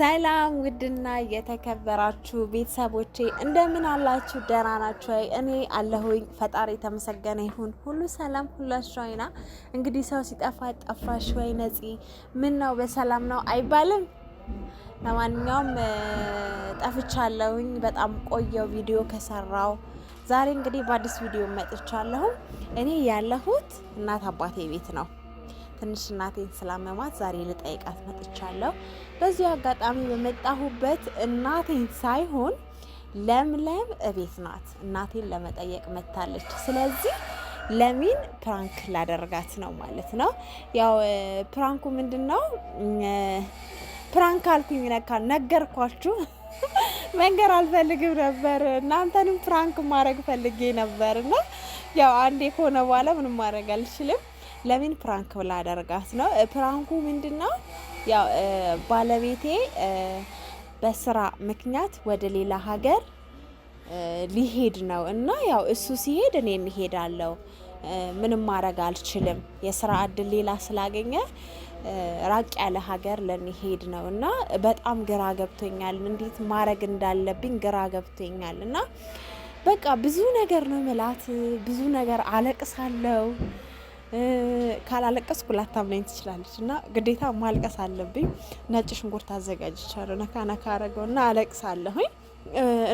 ሰላም ውድና የተከበራችሁ ቤተሰቦቼ እንደምን አላችሁ? ደህና ናችሁ? እኔ አለሁኝ። ፈጣሪ የተመሰገነ ይሁን። ሁሉ ሰላም፣ ሁላችሁ አይና። እንግዲህ ሰው ሲጠፋ ጠፋሽ ወይ ነፂ፣ ምን ነው በሰላም ነው አይባልም። ለማንኛውም ጠፍቻለሁኝ። በጣም ቆየው ቪዲዮ ከሰራው። ዛሬ እንግዲህ በአዲስ ቪዲዮ መጥቻለሁ። እኔ ያለሁት እናት አባቴ ቤት ነው ትንሽ እናቴን ስላመማት ዛሬ ልጠይቃት መጥቻለሁ። በዚሁ አጋጣሚ በመጣሁበት እናቴን ሳይሆን ለምለም እቤት ናት፣ እናቴን ለመጠየቅ መታለች ስለዚህ ለሚን ፕራንክ ላደረጋት ነው ማለት ነው። ያው ፕራንኩ ምንድን ነው? ፕራንክ አልኩኝ፣ ነካ ነገርኳችሁ። መንገር አልፈልግም ነበር፣ እናንተንም ፕራንክ ማድረግ ፈልጌ ነበር እና ያው አንዴ ከሆነ በኋላ ምንም ማድረግ አልችልም። ለምን ፕራንክ ብላ አደረጋት ነው። ፕራንኩ ምንድን ነው? ያው ባለቤቴ በስራ ምክንያት ወደ ሌላ ሀገር ሊሄድ ነው እና ያው እሱ ሲሄድ እኔ የሚሄዳለው ምንም ማድረግ አልችልም። የስራ እድል ሌላ ስላገኘ ራቅ ያለ ሀገር ለሚሄድ ነው እና በጣም ግራ ገብቶኛል። እንዴት ማድረግ እንዳለብኝ ግራ ገብቶኛል እና በቃ ብዙ ነገር ነው ምላት ብዙ ነገር አለቅሳለው ካላለቀስኩ ላታምናኝ ትችላለች እና ግዴታ ማልቀስ አለብኝ። ነጭ ሽንኩርት አዘጋጅቻለሁ። ነካ ነካ አረገው እና አለቅሳለሁኝ።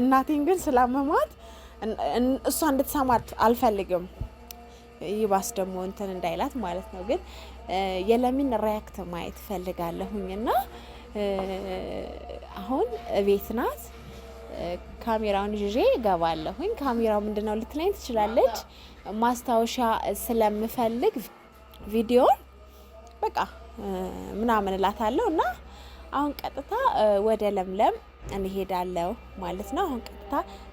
እናቴን ግን ስላመማት እሷ እንድትሰማት አልፈልግም። ይባስ ደግሞ እንትን እንዳይላት ማለት ነው። ግን የለሚን ሪያክት ማየት ፈልጋለሁኝ እና አሁን ቤት ናት ካሜራውን ይዤ እገባለሁኝ። ካሜራው ምንድነው ልትለኝ ትችላለች። ማስታወሻ ስለምፈልግ ቪዲዮን በቃ ምናምን እላታለሁ እና አሁን ቀጥታ ወደ ለምለም እንሄዳለሁ ማለት ነው። አሁን ቀጥታ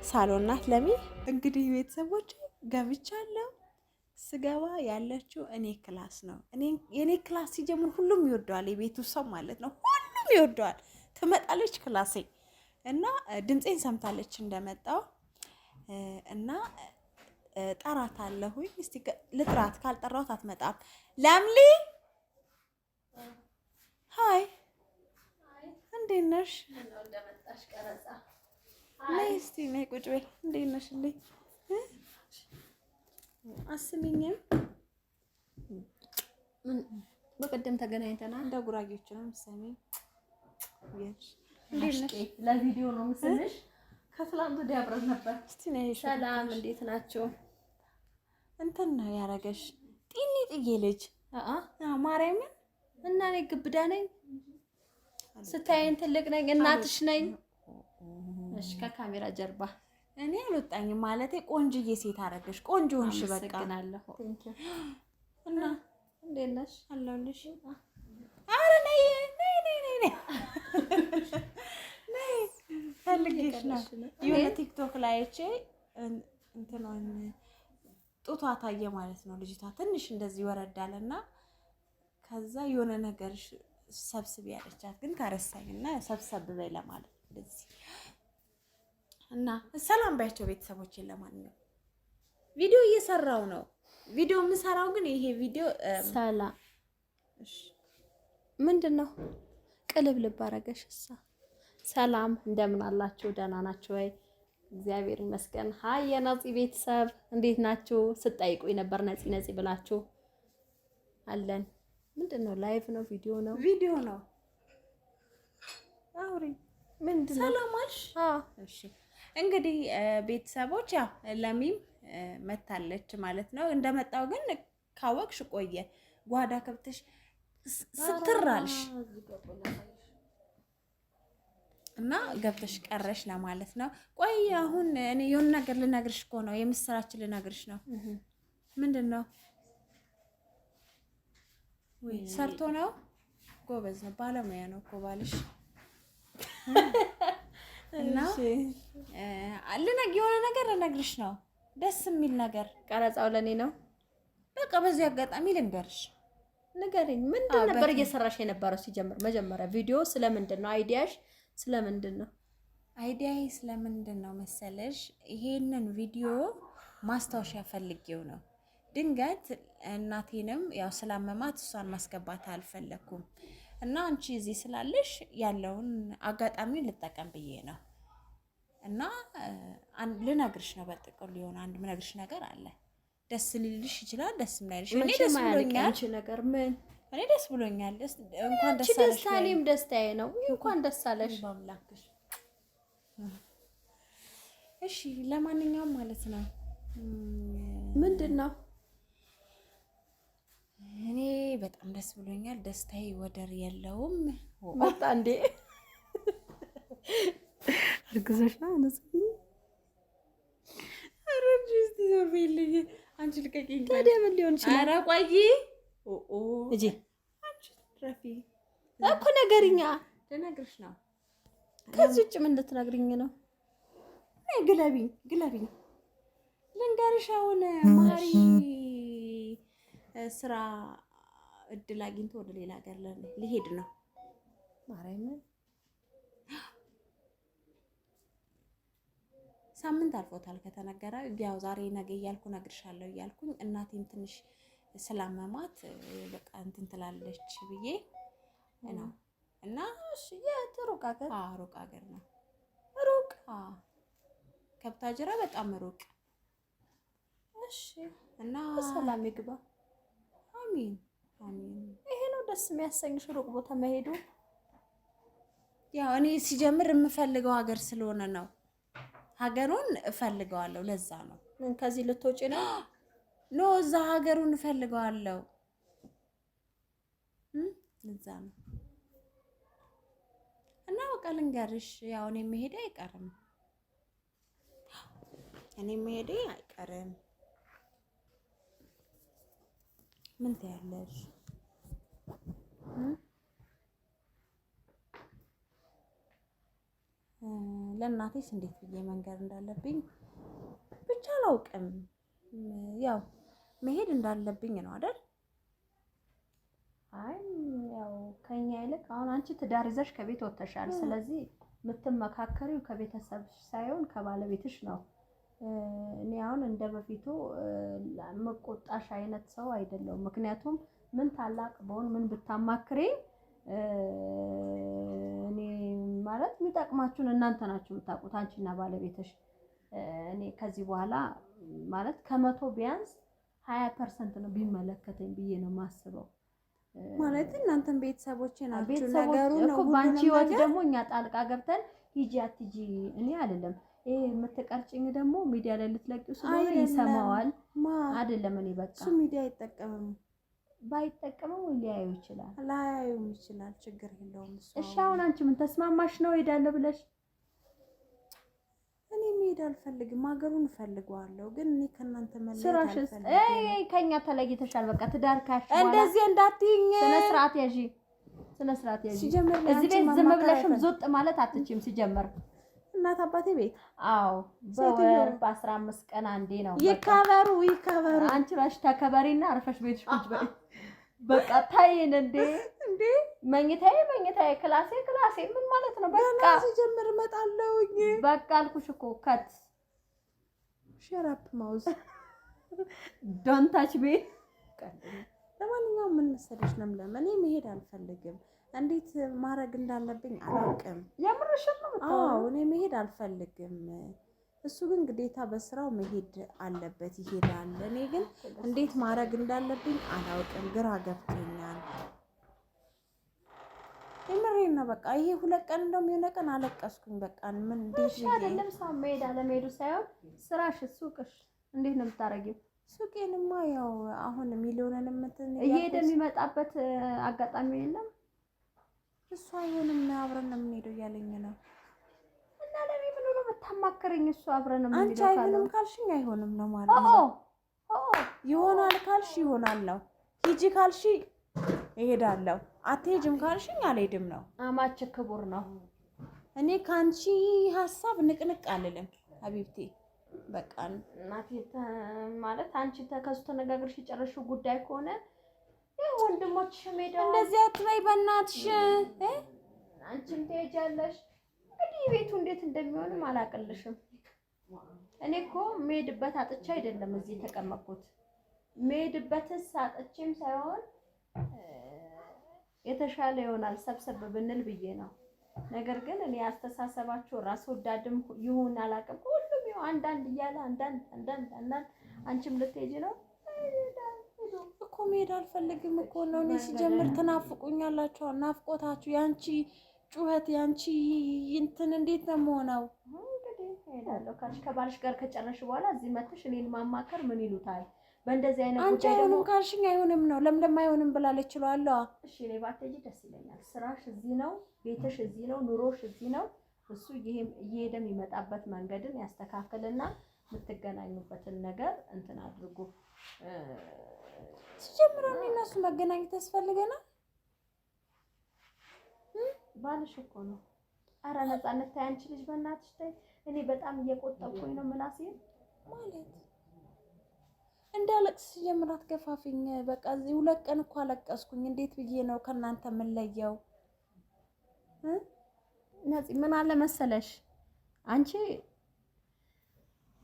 ሳሎን ናት ለሚ። እንግዲህ ቤተሰቦች ገብቻለሁ። ስገባ ያለችው እኔ ክላስ ነው። የእኔ ክላስ ሲጀምር ሁሉም ይወደዋል፣ የቤቱ ሰው ማለት ነው። ሁሉም ይወደዋል። ትመጣለች ክላሴ እና ድምፄን ሰምታለች እንደመጣው እና ጠራት አለሁኝ። እስቲ ልጥራት፣ ካልጠራሁት አትመጣም። ለምሊ ሀይ፣ እንዴት ነሽ? ነይ እስቲ ነይ፣ ቁጭ በይ። እንዴት ነሽ? ልኝ አስሚኝም በቀደም ተገናኝተናል። እንደ ጉራጌዎች ነው የምትሰሚኝ ለቪዲዮ ነው ምስልሽ። ከትላንት ወዲያ አብረን ነበር። ሰላም እንዴት ናቸው? እንትን ነው ያረገሽ? ጢኒ ጥዬ ልጅ ማርያምን እና እኔ ግብዳ ነኝ ስታይን ትልቅ ነኝ እናትሽ ነኝ። እሺ ከካሜራ ጀርባ እኔ አልወጣኝም ማለት ቆንጆዬ ሴት አረገሽ። ቆንጆ ሆንሽ። በቃ እና እንዴት ነሽ? አለሁልሽ። አረ ነይ ፈልጌሽ ነው የሆነ ቲክቶክ ላይ አይቼ እንትኗን ጡቷ ታየ ማለት ነው። ልጅቷ ትንሽ እንደዚህ ይወረዳል እና ከዛ የሆነ ነገር ሰብስብ ያለቻት ግን ከረሳኝ እና ሰብሰብ በይ ለማለት እንደዚህ እና ሰላም ባያቸው ቤተሰቦችን ለማንኛውም ቪዲዮ እየሰራው ነው። ቪዲዮ የምሰራው ግን ይሄ ቪዲዮ ሰላም ምንድን ነው? ቅልብልብ አረገሽ። እሳ ሰላም እንደምን አላችሁ? ደህና ናችሁ ወይ? እግዚአብሔር ይመስገን። ሀይ የናፂ ቤተሰብ እንዴት ናችሁ? ስጣይቁ ነበር ነፂ ነፂ ብላችሁ አለን። ምንድን ነው ላይቭ ነው ቪዲዮ ነው? ቪዲዮ ነው። አውሪ ምንድን ነው? ሰላም አልሽ? እሺ። እንግዲህ ቤተሰቦች ያው ለሚም መታለች ማለት ነው። እንደመጣው ግን ካወቅሽ ቆየ ጓዳ ከብትሽ ስትራልሽ እና ገብተሽ ቀረሽ ለማለት ነው። ቆይ አሁን እኔ የሆነ ነገር ልነግርሽ እኮ ነው፣ የምስራችን ልነግርሽ ነው። ምንድን ነው? ሰርቶ ነው። ጎበዝ ነው፣ ባለሙያ ነው እኮ ባልሽ። እና ልነግ የሆነ ነገር ልነግርሽ ነው፣ ደስ የሚል ነገር። ቀረጻው ለእኔ ነው። በቃ በዚህ አጋጣሚ ልንገርሽ ንገረኝ፣ ምንድን ነበር እየሰራሽ የነበረው? ሲጀምር መጀመሪያ ቪዲዮ ስለምንድን ነው አይዲያሽ? ስለምንድን ነው አይዲያዬ? ስለምንድን ነው መሰለሽ፣ ይሄንን ቪዲዮ ማስታወሻ ፈልጌው ነው። ድንገት እናቴንም ያው ስላመማት እሷን ማስገባት አልፈለግኩም እና አንቺ እዚህ ስላለሽ ያለውን አጋጣሚ ልጠቀም ብዬ ነው እና ልነግርሽ ነው። በጥቅሉ የሆነ አንድ ምነግርሽ ነገር አለ ደስ ሊልሽ ይችላል፣ ደስም ላይልሽ። እኔ ደስ ብሎኛል ነገር ምን እኔ ደስ ብሎኛል። እንኳን ደስ አለሽ። ደስታ እኔም ደስታዬ ነው። እንኳን ደስ አለሽ። አምላክሽ። እሺ፣ ለማንኛውም ማለት ነው ምንድን ነው እኔ በጣም ደስ ብሎኛል። ደስታዬ ወደር የለውም። ወጣ እንዴ እርግዘሽ ነው አንቺ ልቀቂኝ። ታዲያ ምን ሊሆን ይችላል? ኧረ ቆይ እጂ እኮ ነገርኛ ልነግርሽ ነው። ከዚህ ውጭ ምን ልትነግሪኝ ነው? ግለቢኝ ግለቢኝ ልንገርሽ። አሁን ማሪ ስራ እድል አግኝቶ ወደ ሌላ ሀገር ሊሄድ ነው ማርያምን ሳምንት አልፎታል ከተነገረ። ያው ዛሬ ነገ እያልኩ ነግርሻለሁ እያልኩኝ እናቴም ትንሽ ስላመማት በቃ እንትን ትላለች ብዬ ነው እና የት ሩቅ ሀገር? ሩቅ ሀገር ነው። ሩቅ ከብታጅራ በጣም ሩቅ። እሺ እና ሰላም ይግባ። አሚን አሚን። ይሄ ነው ደስ የሚያሰኝሽ ሩቅ ቦታ መሄዱ። ያው እኔ ሲጀምር የምፈልገው ሀገር ስለሆነ ነው ሀገሩን እፈልገዋለሁ። ለዛ ነው ምን ከዚህ ልትወጪ ነው? ኖ እዛ ሀገሩን እፈልገዋለሁ። ለዛ ነው እና በቃ ልንገርሽ፣ ያው እኔ መሄዴ አይቀርም፣ እኔ መሄዴ አይቀርም። ምን ትያለሽ? ለእናቴስ እንዴት ብዬ መንገር እንዳለብኝ ብቻ አላውቅም። ያው መሄድ እንዳለብኝ ነው አይደል? አይ ያው ከኛ ይልቅ አሁን አንቺ ትዳር ይዘሽ ከቤት ወጥተሻል። ስለዚህ የምትመካከሪው ከቤተሰብ ሳይሆን ከባለቤትሽ ነው። እኔ አሁን እንደ በፊቱ መቆጣሽ አይነት ሰው አይደለሁም። ምክንያቱም ምን ታላቅ በሆን ምን ብታማክሬ እኔ ማለት የሚጠቅማችሁን እናንተ ናችሁ የምታውቁት፣ አንቺና ባለቤትሽ። እኔ ከዚህ በኋላ ማለት ከመቶ ቢያንስ ሀያ ፐርሰንት ነው ቢመለከተኝ ብዬ ነው የማስበው። ማለት እናንተም ቤተሰቦቼ ናችሁ። ነገሩ ነው በአንቺ ህይወት ደግሞ እኛ ጣልቃ ገብተን ሂጂ አትጂ እኔ አይደለም ይሄ የምትቀርጭኝ ደግሞ ሚዲያ ላይ ልትለቂው ስለሆነ ይሰማዋል አይደለም። እኔ በቃ እሱ ሚዲያ አይጠቀምም ባይጠቀመው ወይ ሊያዩ ይችላል፣ ላያዩ ይችላል። ችግር የለውም እሱ። እሺ አሁን አንቺ ምን ተስማማሽ ነው እሄዳለሁ ብለሽ? እኔ መሄድ አልፈልግም፣ ሀገሩን እፈልገዋለሁ፣ ግን እኔ ከእናንተ መለየት አልፈልግም። ስራሽስ? አይ ከኛ ተለይተሻል፣ በቃ ትዳርካሽ ካሽ እንደዚህ እንዳትይኝ። ስነ ስርዓት ያዢ፣ ስነ ስርዓት ያዢ። ሲጀመር እዚህ ቤት ዝም ብለሽም ዞጥ ማለት አትችይም። ሲጀመር እናት አባቴ ቤት አዎ፣ በወር በአስራ አምስት ቀን አንዴ ነው። ይከበሩ ይከበሩ። አንቺ እራስሽ ተከበሪና አርፈሽ ቤትሽ ቁጭ በይ። በቃ ታይን እንዴ እንዴ መኝታዬ መኝታዬ ክላሴ ክላሴ ምን ማለት ነው? በቃ ሲጀምር እመጣለሁ። በቃ አልኩሽ እኮ ከት ሸራፕ ማውዝ ዶን ታች ሚ። ለማንኛውም ምን መሰለሽ ነው ለምን እኔ መሄድ አልፈልግም። እንዴት ማድረግ እንዳለብኝ አላውቅም። የምርሽን ነው? አዎ እኔ መሄድ አልፈልግም። እሱ ግን ግዴታ በስራው መሄድ አለበት፣ ይሄዳል። እኔ ግን እንዴት ማድረግ እንዳለብኝ አላውቅም፣ ግራ ገብቶኛል። የምሬን ነው። በቃ ይሄ ሁለት ቀን እንደውም የሆነ ቀን አለቀስኩኝ። በቃ ምን እንዴት አይደለም ሰው መሄድ አለመሄዱ ሳይሆን ስራሽ፣ ሱቅሽ እንዴት ነው የምታረጊው? ሱቄንማ ያው አሁን ሚሊዮንን እንትን እየሄደ የሚመጣበት አጋጣሚ የለም። እሱ አይሆንም፣ አብረን ነው የምንሄደው እያለኝ ነው አታማክረኝ። እሱ አብረን ነው አንቺ አይሆንም ካልሽኝ አይሆንም ነው ማለት ነው። ይሆናል ካልሽ ይሆናል ነው። ሂጂ ካልሽ እሄዳለሁ፣ አትሄጂም ካልሽኝ አልሄድም ነው። አማች ክቡር ነው። እኔ ከአንቺ ሀሳብ ንቅንቅ አልልም ሐቢብቴ በቃ እናቴ ማለት አንቺ ከሱ ተነጋግረሽ የጨረሽው ጉዳይ ከሆነ ወንድሞች ሄደው እንደዚህ አትበይ በእናትሽ። አንቺም ትሄጃለሽ ቤቱ እንዴት እንደሚሆንም አላቅልሽም። እኔ እኮ የምሄድበት አጥቼ አይደለም እዚህ የተቀመጥኩት። የምሄድበትስ አጥቼም ሳይሆን የተሻለ ይሆናል ሰብሰብ ብንል ብዬ ነው። ነገር ግን እኔ አስተሳሰባቸው ራስ ወዳድም ይሁን አላቅም፣ ሁሉም ይሁን አንዳንድ እያለ አንዳንድ አንዳንድ አንዳንድ አንቺም ልትሄጂ ነው እኮ መሄድ አልፈልግም እኮ ነው እኔ ሲጀምር ትናፍቁኛላችሁ። ናፍቆታችሁ ያንቺ ጩኸት ያንቺ እንትን እንዴት ነው የምሆነው? እንግዲህ ከባልሽ ጋር ከጨረሽ በኋላ እዚህ መጥተሽ እኔን ማማከር ምን ይሉታል? በእንደዚህ አይነት አንቺ አይሆንም ካልሽኝ አይሆንም ነው። ለምለም አይሆንም ብላለች እችላለሁ። እሺ እኔ ባትሄጂ ደስ ይለኛል። ስራሽ እዚህ ነው፣ ቤትሽ እዚህ ነው፣ ኑሮሽ እዚህ ነው። እሱ እየሄደ የሚመጣበት መንገድን ያስተካክልና የምትገናኙበትን ነገር እንትን አድርጉ። ሲጀምረው እኔ እና እሱ መገናኘት ያስፈልገናል። ባልሽ እኮ ነው። አረ ነፃነት ተይ አንቺ ልጅ በእናትሽ ታይ እኔ በጣም እየቆጠብኩኝ ነው ምላሴ ማለት እንዳለቅስ ጀምር ገፋፊኝ በቃ እዚህ ሁለት ቀን እኮ አለቀስኩኝ። እንዴት ብዬ ነው ከእናንተ የምለየው? ነፂ ምን አለ መሰለሽ አንቺ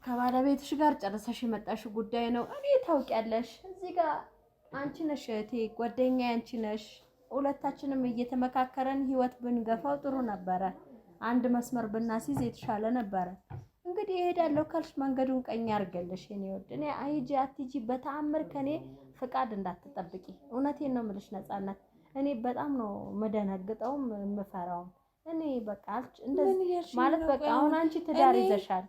ከባለቤትሽ ጋር ጨርሰሽ የመጣሽ ጉዳይ ነው። እኔ ታውቂያለሽ። እዚህ ጋር አንቺ ነሽ እህቴ፣ ጓደኛ አንቺ ነሽ። ሁለታችንም እየተመካከረን ህይወት ብንገፋው ጥሩ ነበረ። አንድ መስመር ብናስይዝ የተሻለ ነበረ። እንግዲህ እሄዳለሁ ካልሽ መንገዱን ቀኝ አድርገልሽ የኔ ወድ። እኔ አይጂ አትጂ በተአምር ከኔ ፍቃድ እንዳትጠብቂ። እውነቴን ነው የምልሽ ነፃነት። እኔ በጣም ነው የምደነግጠውም የምፈራውም። እኔ በቃ አልች እንደዚህ ማለት በቃ አሁን አንቺ ትዳር ይዘሻል።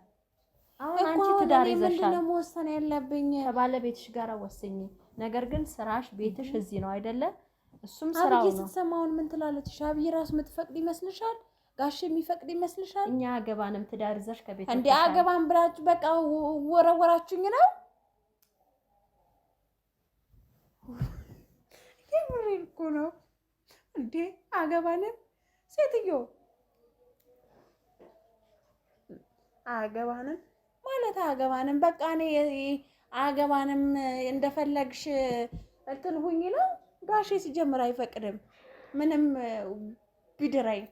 አሁን አንቺ ትዳር ይዘሻል። መወሰን ያለብኝ ከባለቤትሽ ጋር ወስኝ። ነገር ግን ስራሽ ቤትሽ እዚህ ነው አይደለ? እሱም ስራው ነው። ስትሰማውን ምን ትላለች? ሻብዬ ራሱ የምትፈቅድ ይመስልሻል? ጋሽ የሚፈቅድ ይመስልሻል? እኛ አገባንም ትዳር ይዘሽ ከቤት እንደ አገባን ብላችሁ በቃ ወረወራችሁኝ ነው። የምሬን እኮ ነው እንዴ! አገባንም ሴትዮ አገባንም ማለት አገባንም በቃ እኔ አገባንም እንደፈለግሽ እንትን ሁኝ ነው ጋሼ ሲጀምር አይፈቅድም። ምንም ቢድራኝ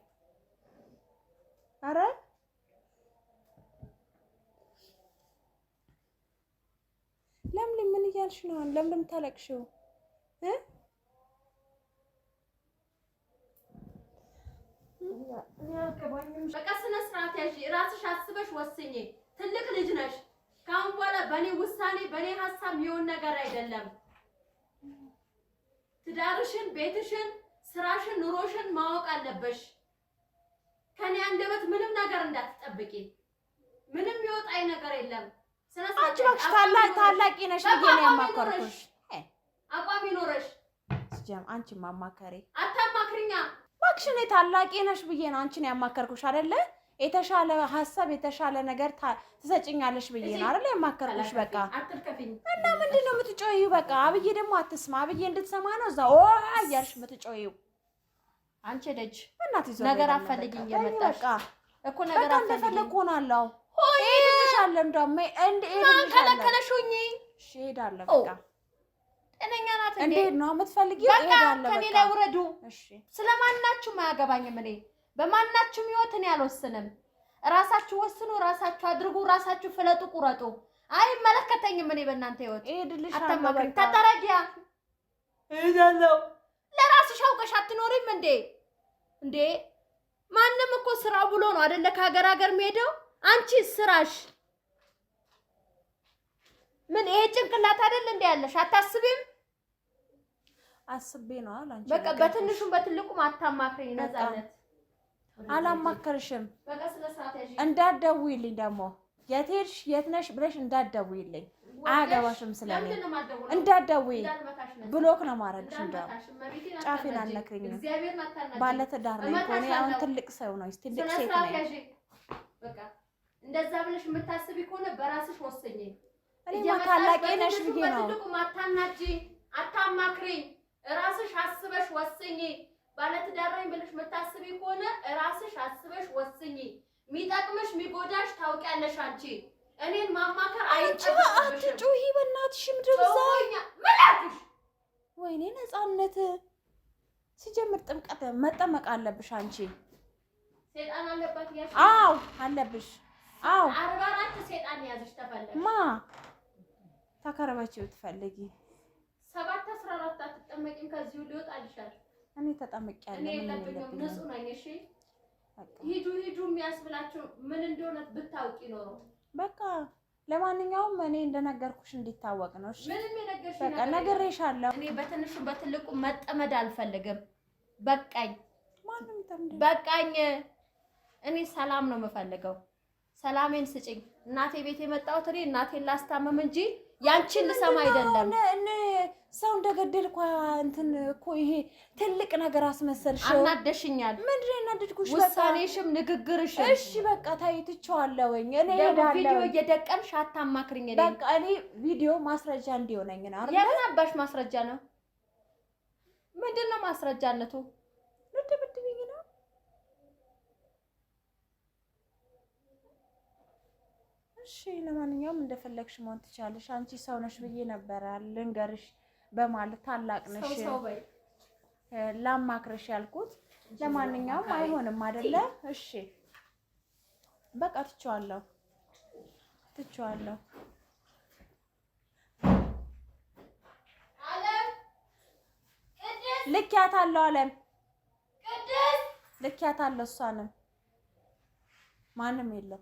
አረ ለምለም ምን እያልሽ ነው? ለምለም ታለቅሽው እ በቃ ስነ ስርዓት ያዥ። ራስሽ አስበሽ ወስኚ። ትልቅ ልጅ ነሽ። ከአሁን በኋላ በእኔ ውሳኔ በእኔ ሀሳብ የሚሆን ነገር አይደለም። ትዳርሽን፣ ቤትሽን፣ ስራሽን፣ ኑሮሽን ማወቅ አለበሽ። ከኔ አንደበት ምንም ነገር እንዳትጠብቂ። ምንም ይወጣኝ ነገር የለም። አንቺ እባክሽ ታላቅ ታላቂ ነሽ ብዬ ነው ያማከርኩሽ። አቋም ይኖረሽ። አንቺ ማማከሬ አታማክሪኛ እባክሽ። እኔ ታላቂ ነሽ ብዬ ነው አንቺን ያማከርኩሽ አይደለ? የተሻለ ሀሳብ የተሻለ ነገር ትሰጭኛለሽ ብዬ ነው አይደል የማከርኩሽ። በቃ እና ምንድን ነው የምትጮይው? በቃ አብዬ ደግሞ አትስማ። አብዬ እንድትሰማ ነው እዛ እያልሽ የምትጮይው አንቺ ልጅ። በእናትህ ይዞ ነገር አፈልጊ እየመጣሽ እኮ ነገር አፈልጊ እንደፈለግ ሆናለሁ። ሄድሻለሁ እንዳውም ከለከለሽ ሆኜ ሄዳለሁ በቃ ጤነኛ ናት እንዴት ነው የምትፈልጊው? ሄዳለ በቃ ከኔ ላይ ውረዱ። ስለማናችሁ አያገባኝም እኔ በማናችሁም ህይወት እኔ አልወስንም። ራሳችሁ ወስኑ፣ ራሳችሁ አድርጉ፣ ራሳችሁ ፍለጡ፣ ቁረጡ። አይመለከተኝም። እኔ በእናንተ ህይወት አተማክሪ ተጠረጊያ ይዛለው ለራስሽ አውቀሽ አትኖሪም እንዴ? እንዴ ማንም እኮ ስራ ብሎ ነው አይደለ ከሀገር ሀገር የሚሄደው። አንቺ ስራሽ ምን ይሄ ጭንቅላት አይደል እንዴ ያለሽ? አታስቢም? አስቤ ነው አላንቺ በቃ በትንሹም በትልቁም አታማክሪኝ ነፃነት አላማከርሽም። እንዳትደውይልኝ ደግሞ የት ሄድሽ የት ነሽ ብለሽ እንዳትደውይልኝ። አያገባሽም ስለኔ እንዳትደውይ። ብሎክ ነው ማረግሽ። እንደውም ጫፌን አልነክሪኝም። ባለ ትዳር ነኝ እኮ እኔ አሁን ትልቅ ሰው ነው ትልቅ ሴት ነኝ። እንደዛ ብለሽ የምታስቢ ከሆነ በራስሽ ወሰኝ። እኔማ ታላቂ ነሽ ብዬ ነው። አታናጂ፣ አታማክሪ፣ ራስሽ አስበሽ ወሰኝ። ባለትዳር ነኝ ብለሽ የምታስቢ ከሆነ ራስሽ አስበሽ ወስኚ። የሚጠቅምሽ የሚጎዳሽ ታውቂያለሽ አንቺ። እኔን ማማከር አይጠቅምሽም። ጩሂ በእናትሽ ምድርዛኛ ምላትሽ ወይኔ ነፃነት ሲጀምር ጥምቀት መጠመቅ አለብሽ አንቺ። ሴጣን አለባት ያሽ? አዎ አለብሽ። አዎ አርባ አራት ሴጣን ያዝሽ ተፈለገ ማ ተከረበችው ትፈልጊ ሰባት አስራ አራት አትጠመቂም። ከዚሁ ሊወጣልሻል እኔ ተጠምቄ ያለ እኔ የለብኝም ንጹህ ነኝ። እሺ ሂዱ ሂዱ የሚያስብላችሁ ምን እንደሆነ ብታውቂ ኖሮ በቃ ለማንኛውም እኔ እንደነገርኩሽ እንዲታወቅ ነው። እሺ ምንም የነገርሽ በቃ ነግሬሻለሁ። እኔ በትንሹ በትልቁ መጠመድ አልፈልግም። በቃኝ፣ ማንም ተምደ በቃኝ። እኔ ሰላም ነው የምፈልገው። ሰላሜን ስጭኝ። እናቴ ቤት የመጣሁት እኔ እናቴን ላስታመም እንጂ ያንቺን ልሰማ አይደለም ሰው እንደገደል እኮ እንትን እኮ ይሄ ትልቅ ነገር አስመሰልሽ። አናደሽኛል። ምንድን ነው ያናደድኩሽ? ውሳኔሽም ንግግርሽም። እሺ በቃ ታይ ትቼዋለሁኝ። እኔ እሄዳለሁ። ቪዲዮ እየደቀንሽ አታማክሪኝ። እኔ በቃ እኔ ቪዲዮ ማስረጃ እንዲሆነኝ ነው። የምን አባሽ ማስረጃ ነው? ምንድን ነው ማስረጃነቱ? እሺ ለማንኛውም እንደፈለግሽ መሆን ትቻለሽ። አንቺ ሰው ነሽ ብዬ ነበረ ልንገርሽ በማለት ታላቅ ነሽ ላማክረሽ ያልኩት። ለማንኛውም አይሆንም አይደለ? እሺ በቃ ትቼዋለሁ፣ ትቼዋለሁ። ልኪያታለሁ፣ አለም ልኪያታለሁ። እሷንም ማንም የለም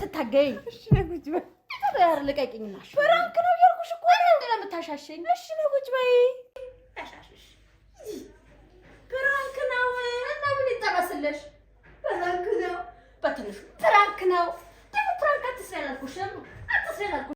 ትታገኝ ልቀቂኝማ። ፍራንክ ነው እያልኩሽ እኮ ነው የምታሻሽኝ። እሺ ነው ቁጭ በይ። ፍራንክ ነው እና ምን ይጠበስልሽ? ፍራንክ ነው በትንሹ ፍራንክ ነው ደግሞ ፍራንክ አትስሪ አላልኩሽም?